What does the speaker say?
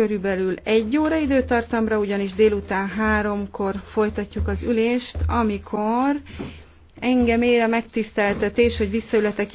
körülbelül egy óra időtartamra, ugyanis délután háromkor folytatjuk az ülést, amikor engem ér a megtiszteltetés, hogy visszaületek